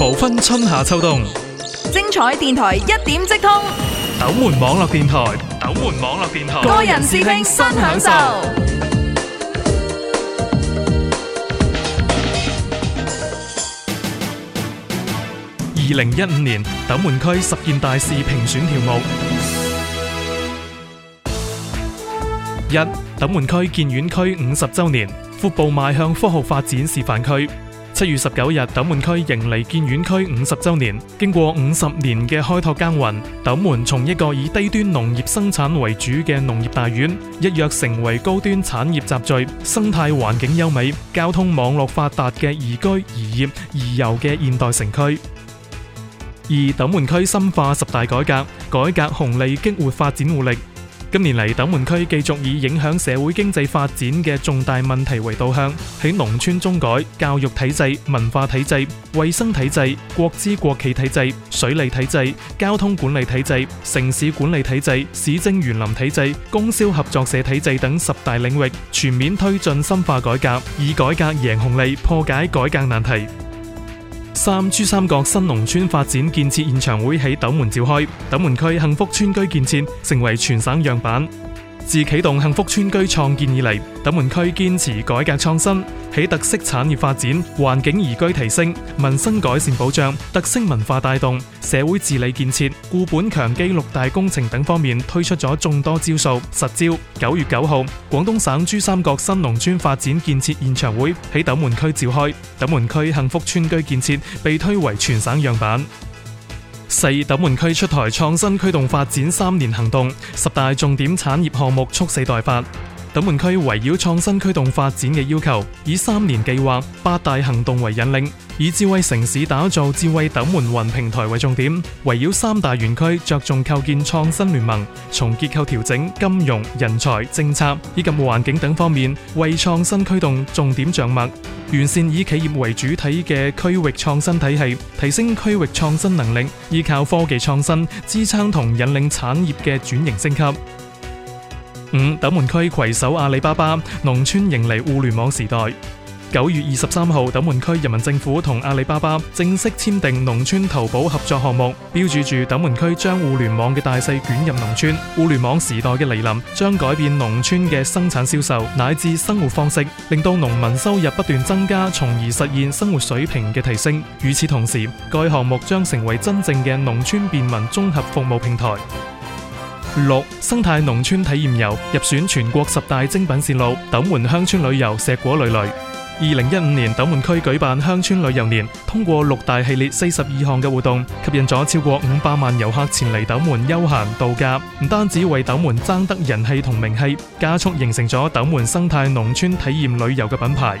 無分春夏秋冬，精彩電台一點即通。斗門網絡電台，斗門網絡電台，個人視聽，人聽新享受。二零一五年斗門區十件大事評選條目：一、斗門區建院區五十周年，闊步邁向科學發展示範區。七月十九日，斗門區迎嚟建縣區五十周年。經過五十年嘅開拓耕耘，斗門從一個以低端農業生產為主嘅農業大縣，一躍成為高端產業集聚、生態環境優美、交通網絡發達嘅宜居、宜業、宜遊嘅現代城區。而斗門區深化十大改革，改革紅利激活發展活力。今年嚟，斗門區繼續以影響社會經濟發展嘅重大問題為導向，喺農村中改、教育體制、文化體制、衛生體制、國資國企體制、水利體制、交通管理體制、城市管理體制、市政園林體制、供銷合作社體制等十大領域全面推進深化改革，以改革贏紅利，破解改革難題。三、珠三角新農村發展建設現場會喺斗門召開，斗門區幸福村居建設成為全省樣板。自啟動幸福村居創建以嚟，斗門區堅持改革創新，喺特色產業發展、環境宜居提升、民生改善保障、特色文化帶動、社會治理建設、固本強基六大工程等方面推出咗眾多招數實招。九月九號，廣東省珠三角新農村發展建設現場會喺斗門區召開，斗門區幸福村居建設被推為全省樣板。四斗門區出台創新驅動發展三年行動，十大重點產業項目蓄勢待發。斗門區圍繞創新驅動發展嘅要求，以三年計劃、八大行動為引領，以智慧城市打造智慧斗門雲平台為重點，圍繞三大園區着重構建創新聯盟，從結構調整、金融、人才、政策以及環境等方面為創新驅動重點着墨，完善以企業為主體嘅區域創新體系，提升區域創新能力，依靠科技創新支撐同引領產業嘅轉型升級。五、斗門區攜手阿里巴巴，農村迎嚟互聯網時代。九月二十三號，斗門區人民政府同阿里巴巴正式簽訂農村淘寶合作項目，標注住斗門區將互聯網嘅大勢捲入農村。互聯網時代嘅嚟臨，將改變農村嘅生產銷售乃至生活方式，令到農民收入不斷增加，從而實現生活水平嘅提升。與此同時，該項目將成為真正嘅農村便民綜合服務平台。六生態農村體驗遊入選全國十大精品線路，斗門鄉村旅遊碩果累累。二零一五年，斗門區舉辦鄉村旅遊年，通過六大系列四十二項嘅活動，吸引咗超過五百萬遊客前嚟斗門休閒度假，唔單止為斗門爭得人氣同名氣，加速形成咗斗門生態農村體驗旅遊嘅品牌。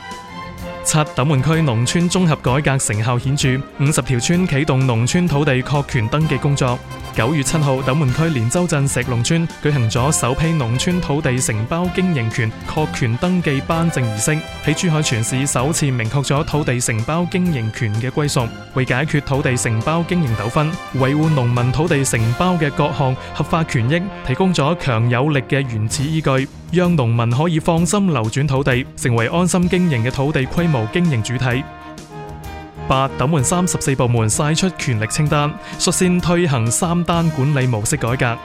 七斗門區農村綜合改革成效顯著，五十條村啟動農村土地確權登記工作。九月七號，斗門區蓮洲鎮石龍村舉行咗首批農村土地承包經營權確權登記頒證儀式，喺珠海全市首次明確咗土地承包經營權嘅歸屬，為解決土地承包經營糾紛、維護農民土地承包嘅各項合法權益提供咗強有力嘅原始依據。讓農民可以放心流轉土地，成為安心經營嘅土地規模經營主體。八、斗門三十四部門晒出權力清單，率先推行三單管理模式改革。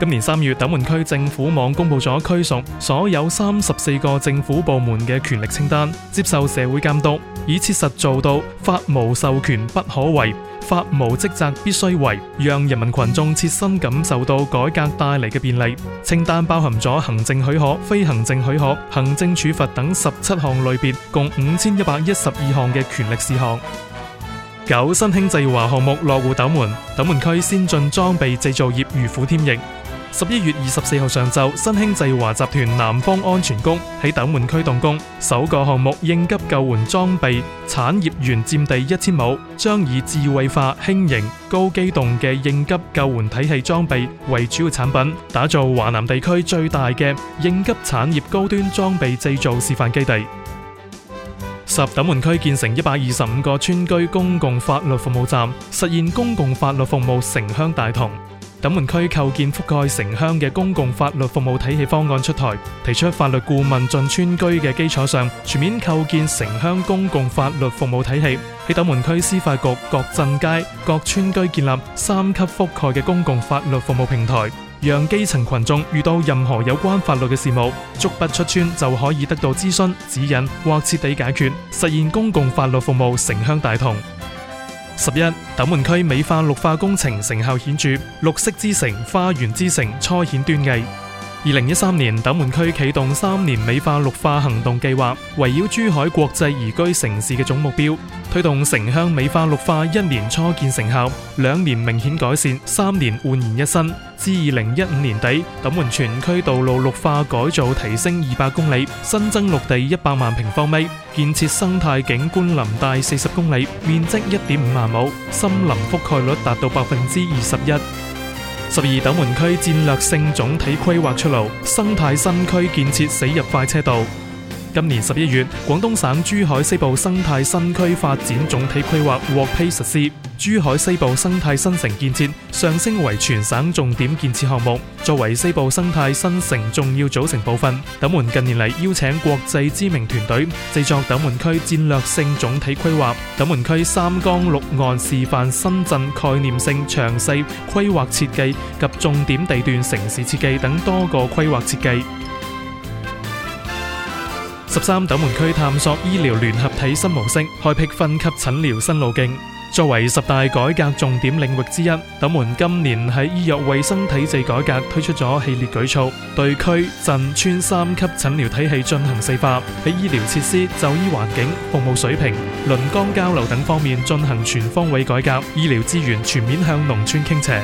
今年三月，斗門區政府網公布咗區屬所有三十四個政府部門嘅權力清單，接受社會監督，以切實做到法無授權不可為，法無職責必須為，讓人民群眾切身感受到改革帶嚟嘅便利。清單包含咗行政許可、非行政許可、行政處罰等十七項類別，共五千一百一十二項嘅權力事項。九、新興際華項目落戶斗門，斗門區先進裝備製造業如虎添翼。十一月二十四號上晝，新興際華集團南方安全工喺斗門區動工，首個項目應急救援裝備產業園佔地一千畝，將以智慧化、輕型、高機動嘅應急救援體系裝備為主要產品，打造華南地區最大嘅應急產業高端裝備製造示範基地。十、斗門區建成一百二十五個村居公共法律服務站，實現公共法律服務城鄉大同。斗門區構建覆蓋城鄉嘅公共法律服務體系方案出台，提出法律顧問進村居嘅基礎上，全面構建城鄉公共法律服務體系，喺斗門區司法局各鎮街、各村居建立三級覆蓋嘅公共法律服務平台，讓基層群眾遇到任何有關法律嘅事務，足不出村就可以得到諮詢、指引或徹底解決，實現公共法律服務城鄉大同。十一，斗門區美化綠化工程成效顯著，綠色之城、花園之城初顯端倪。二零一三年，斗門區啟動三年美化綠化行動計劃，圍繞珠海國際宜居城市嘅總目標，推動城鄉美化綠化。一年初見成效，兩年明顯改善，三年煥然一新。至二零一五年底，斗門全區道路綠化改造提升二百公里，新增綠地一百萬平方米，建設生態景觀林帶四十公里，面積一點五萬畝，森林覆蓋率達到百分之二十一。十二，斗門區戰略性總體規劃出爐，生態新區建設駛入快車道。今年十一月，廣東省珠海西部生態新區發展總體規劃獲批實施，珠海西部生態新城建設上升為全省重點建設項目。作為西部生態新城重要組成部分，斗門近年嚟邀請國際知名團隊製作斗門區戰略性總體規劃、斗門區三江六岸示範深圳概念性詳細規劃設計及重點地段城市設計等多個規劃設計。十三斗門區探索醫療聯合體新模式，開闢分級診療新路徑。作為十大改革重點領域之一，斗門今年喺醫藥衛生體制改革推出咗系列舉措，對區鎮村三級診療體系進行細化，喺醫療設施、就醫環境、服務水平、輪崗交流等方面進行全方位改革，醫療資源全面向農村傾斜。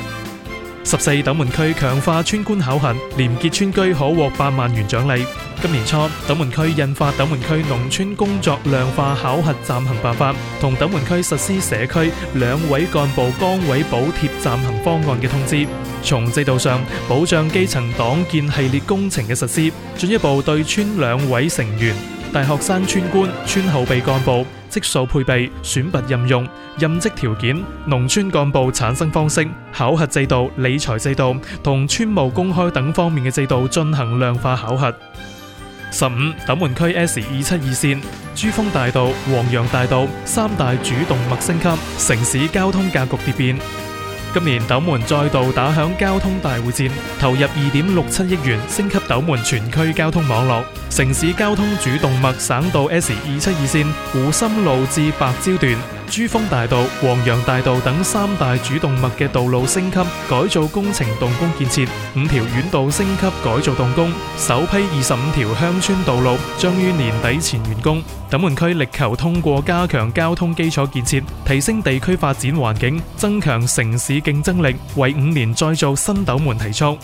十四，斗門區強化村官考核，廉潔村居可獲百萬元獎勵。今年初，斗門區印發《斗門區農村工作量化考核暫行辦法》同《斗門區實施社區兩委幹部崗位補貼暫行方案》嘅通知，從制度上保障基層黨建系列工程嘅實施，進一步對村兩委成員、大學生村官、村後備幹部。職數配備、選拔任用、任職條件、農村幹部產生方式、考核制度、理財制度同村務公開等方面嘅制度進行量化考核。十五，斗門區 S 二七二綫、珠峰大道、黃楊大道三大主動脈升級，城市交通格局迭變。今年斗門再度打響交通大會戰，投入2.67億元升級斗門全區交通網絡，城市交通主動脈省道 S272 線湖心路至白蕉段。珠峰大道、黃楊大道等三大主動脈嘅道路升級改造工程動工建設，五條縣道升級改造動工，首批二十五條鄉村道路將於年底前完工。斗門區力求通過加強交通基礎建設，提升地區發展環境，增強城市競爭力，為五年再造新斗門提速。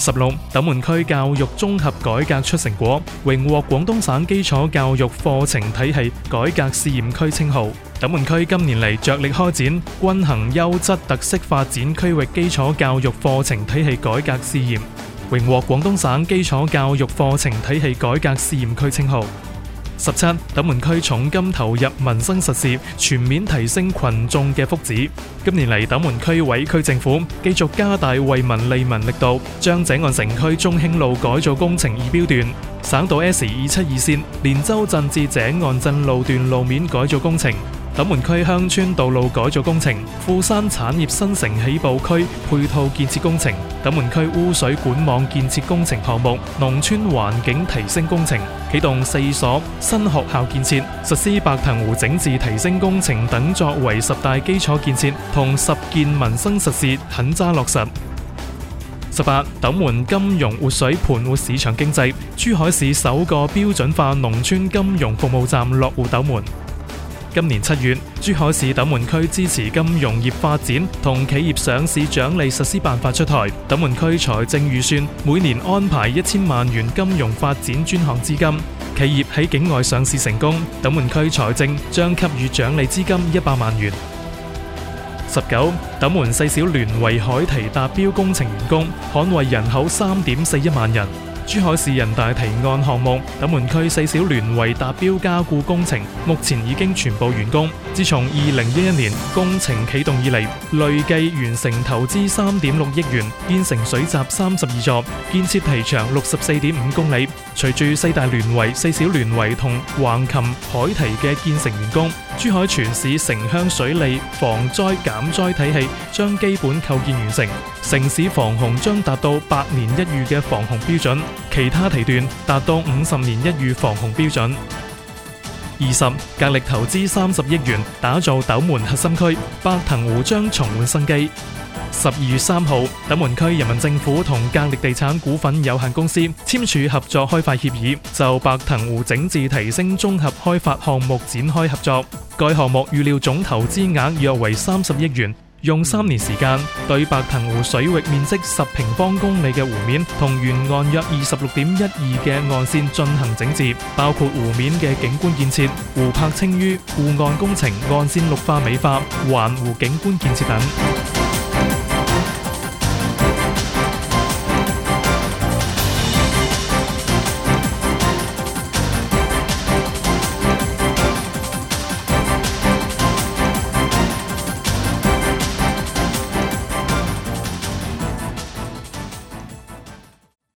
十六，斗門區教育綜合改革出成果，榮獲廣東省基礎教育課程體系改革試驗區稱號。斗門區今年嚟着力開展均衡優質特色發展區域基礎教育課程體系改革試驗，榮獲廣東省基礎教育課程體系改革試驗區稱號。十七，斗門區重金投入民生實事，全面提升群眾嘅福祉。今年嚟，斗門區委區政府繼續加大惠民利民力度，將井岸城區中興路改造工程二標段、省道 S 二七二線連州鎮至井岸鎮路段路面改造工程。斗門區鄉村道路改造工程、富山產業新城起步區配套建設工程、斗門區污水管網建設工程項目、農村環境提升工程、啟動四所新學校建設，實施白藤湖整治提升工程等作為十大基礎建設，同十件民生實事狠抓落實。十八、斗門金融活水盤活市場經濟，珠海市首個標準化農村金融服務站落戶斗門。今年七月，珠海市斗門區支持金融業發展同企業上市獎勵實施辦法出臺。斗門區財政預算每年安排一千萬元金融發展專項資金，企業喺境外上市成功，斗門區財政將給予獎勵資金一百萬元。十九，斗門四小聯圍海堤達標工程完工，捍衛人口三點四一萬人。珠海市人大提案項目斗門區四小聯圍達標加固工程，目前已經全部完工。自從二零一一年工程啟動以嚟，累計完成投資3.6億元，建成水閘三十二座，建設堤長64.5公里。隨住四大聯圍、四小聯圍同橫琴海堤嘅建成完工，珠海全市城鄉水利防災減災體系將基本構建完成，城市防洪將達到百年一遇嘅防洪標準。其他堤段達到五十年一遇防洪標準。二十格力投資三十億元打造斗門核心區，白藤湖將重煥生機。十二月三號，斗門區人民政府同格力地產股份有限公司簽署合作開發協議，就白藤湖整治提升綜合開發項目展開合作。該項目預料總投資額約為三十億元。用三年時間，對白藤湖水域面積十平方公里嘅湖面同沿岸約二十六點一二嘅岸線進行整治，包括湖面嘅景觀建設、湖泊清淤、護岸工程、岸線綠化美化、環湖景觀建設等。